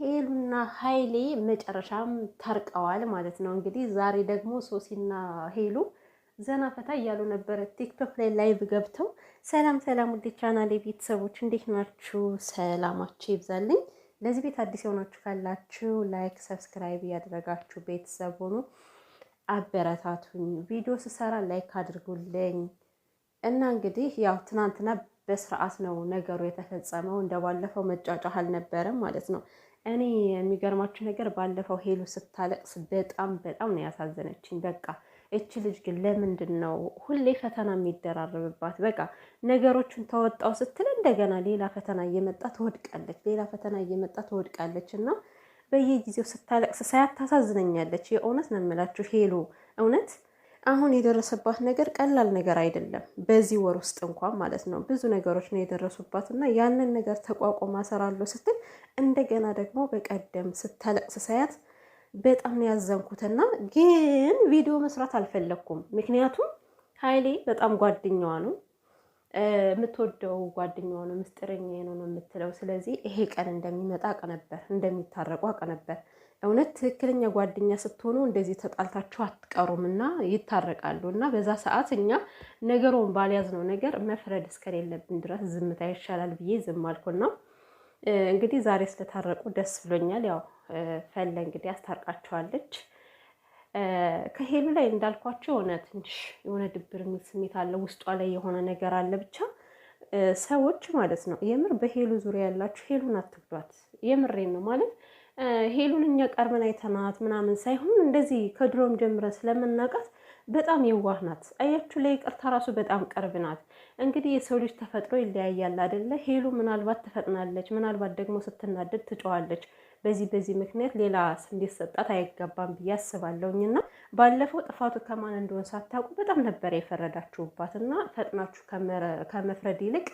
ሄሉና ሀይሌ መጨረሻም ታርቀዋል ማለት ነው። እንግዲህ ዛሬ ደግሞ ሶሲና ሄሉ ዘና ፈታ እያሉ ነበረ ቲክቶክ ላይ ላይቭ ገብተው። ሰላም ሰላም፣ ውዴ ቻናል ቤተሰቦች እንዴት ናችሁ? ሰላማችሁ ይብዛልኝ። ለዚህ ቤት አዲስ የሆናችሁ ካላችሁ ላይክ፣ ሰብስክራይብ እያደረጋችሁ ቤተሰብ ሆኑ፣ አበረታቱኝ። ቪዲዮ ስሰራ ላይክ አድርጉልኝ እና እንግዲህ ያው ትናንትና በስርዓት ነው ነገሩ የተፈጸመው። እንደባለፈው መጫጫህ አልነበረም ማለት ነው። እኔ የሚገርማችሁ ነገር ባለፈው ሄሉ ስታለቅስ በጣም በጣም ነው ያሳዘነችኝ። በቃ እች ልጅ ግን ለምንድን ነው ሁሌ ፈተና የሚደራረብባት? በቃ ነገሮቹን ተወጣው ስትል እንደገና ሌላ ፈተና እየመጣ ትወድቃለች፣ ሌላ ፈተና እየመጣ ትወድቃለች። እና በየጊዜው ስታለቅስ ሳያት ታሳዝነኛለች። የእውነት ነው የምላችሁ ሄሉ እውነት አሁን የደረሰባት ነገር ቀላል ነገር አይደለም። በዚህ ወር ውስጥ እንኳን ማለት ነው ብዙ ነገሮች ነው የደረሱባት እና ያንን ነገር ተቋቁማ ሰራለሁ ስትል እንደገና ደግሞ በቀደም ስታለቅስ ሳያት በጣም ያዘንኩትና ግን ቪዲዮ መስራት አልፈለግኩም። ምክንያቱም ሀይሌ በጣም ጓደኛዋ ነው የምትወደው ጓደኛ ነው፣ ምስጢረኛ ነው ነው የምትለው። ስለዚህ ይሄ ቀን እንደሚመጣ አውቅ ነበር፣ እንደሚታረቁ አውቅ ነበር። እውነት ትክክለኛ ጓደኛ ስትሆኑ እንደዚህ ተጣልታችሁ አትቀሩም እና ይታረቃሉ። እና በዛ ሰዓት እኛ ነገሩን ባልያዝነው ነገር መፍረድ እስከሌለብን ድረስ ዝምታ ይሻላል ብዬ ዝም አልኩና እንግዲህ ዛሬ ስለታረቁ ደስ ብሎኛል። ያው ፈለ እንግዲህ አስታርቃቸዋለች። ከሄሉ ላይ እንዳልኳቸው የሆነ ትንሽ የሆነ ድብር የሚል ስሜት አለ፣ ውስጧ ላይ የሆነ ነገር አለ። ብቻ ሰዎች ማለት ነው የምር በሄሉ ዙሪያ ያላችሁ ሄሉን አትግዷት። የምሬን ነው ማለት ሄሉን እኛ ቀርበን አይተናት ምናምን ሳይሆን እንደዚህ ከድሮም ጀምረን ስለምናውቃት በጣም የዋህ ናት። አያችሁ ለይቅርታ ራሱ በጣም ቅርብ ናት። እንግዲህ የሰው ልጅ ተፈጥሮ ይለያያል አይደለ? ሄሉ ምናልባት ትፈጥናለች፣ ምናልባት ደግሞ ስትናደድ ትጨዋለች። በዚህ በዚህ ምክንያት ሌላ ስም ሊሰጣት አይገባም ብዬ እና ባለፈው ጥፋቱ ከማን እንደሆን ሳታውቁ በጣም ነበር የፈረዳችሁባት እና ፈጥናችሁ ከመፍረድ ይልቅ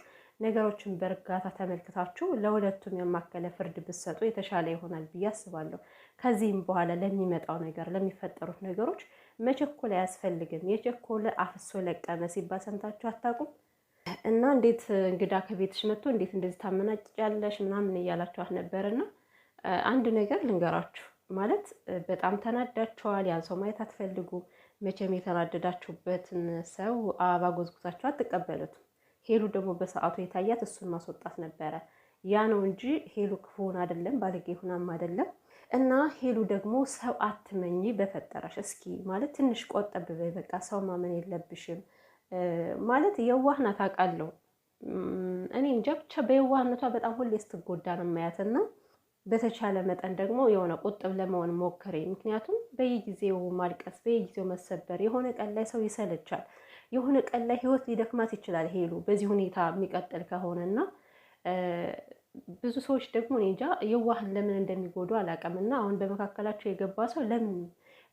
ነገሮችን በእርጋታ ተመልክታችሁ ለሁለቱም የማከለ ፍርድ ብትሰጡ የተሻለ ይሆናል ብዬ አስባለሁ። ከዚህም በኋላ ለሚመጣው ነገር ለሚፈጠሩት ነገሮች መቸኮል አያስፈልግም። የቸኮለ አፍሶ ለቀመ ሲባል ሰምታችሁ አታውቁም? እና እንዴት እንግዳ ከቤትሽ መጥቶ እንዴት እንደዚህ ታመናጭጫለሽ ምናምን እያላችኋት ነበርና አንድ ነገር ልንገራችሁ። ማለት በጣም ተናዳችኋል። ያን ሰው ማየት አትፈልጉም። መቼም የተናደዳችሁበትን ሰው አበባ ጎዝጉዛችሁ አትቀበሉትም። ሄሉ ደግሞ በሰዓቱ የታያት እሱን ማስወጣት ነበረ። ያ ነው እንጂ ሄሉ ክፉን አይደለም፣ ባለጌ ሁናም አይደለም። እና ሄሉ ደግሞ ሰው አትመኝ በፈጠረሽ እስኪ ማለት ትንሽ ቆጠብ በይ፣ በቃ ሰው ማመን የለብሽም ማለት የዋህና ታውቃለሁ። እኔ እንጃ ብቻ በየዋህነቷ በጣም ሁሌ ስትጎዳ ነው የማያትና በተቻለ መጠን ደግሞ የሆነ ቁጥብ ለመሆን ሞክሬ። ምክንያቱም በየጊዜው ማልቀስ፣ በየጊዜው መሰበር የሆነ ቀን ላይ ሰው ይሰለቻል። የሆነ ቀን ላይ ህይወት ሊደክማት ይችላል ሄሉ በዚህ ሁኔታ የሚቀጥል ከሆነና ብዙ ሰዎች ደግሞ እኔ እንጃ የዋህን ለምን እንደሚጎዱ አላውቅም። እና አሁን በመካከላቸው የገባ ሰው ለምን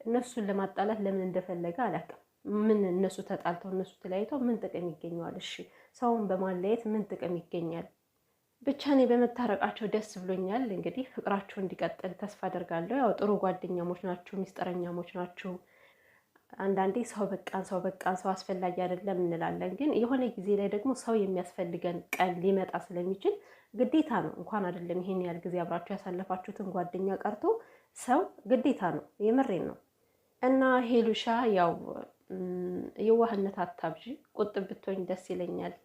እነሱን ለማጣላት ለምን እንደፈለገ አላውቅም። ምን እነሱ ተጣልተው እነሱ ተለያይተው ምን ጥቅም ይገኘዋል? እሺ ሰውን በማለየት ምን ጥቅም ይገኛል? ብቻ እኔ በመታረቃቸው ደስ ብሎኛል። እንግዲህ ፍቅራቸው እንዲቀጥል ተስፋ አደርጋለሁ። ያው ጥሩ ጓደኛሞች ናችሁ፣ ሚስጥረኛሞች ናችሁ። አንዳንዴ ሰው በቃን ሰው በቃን ሰው አስፈላጊ አይደለም እንላለን። ግን የሆነ ጊዜ ላይ ደግሞ ሰው የሚያስፈልገን ቀን ሊመጣ ስለሚችል ግዴታ ነው። እንኳን አይደለም ይሄን ያህል ጊዜ አብራችሁ ያሳለፋችሁትን ጓደኛ ቀርቶ ሰው ግዴታ ነው። የምሬን ነው። እና ሄሉሻ ያው የዋህነት አታብዥ፣ ቁጥብ ብትሆኝ ደስ ይለኛል።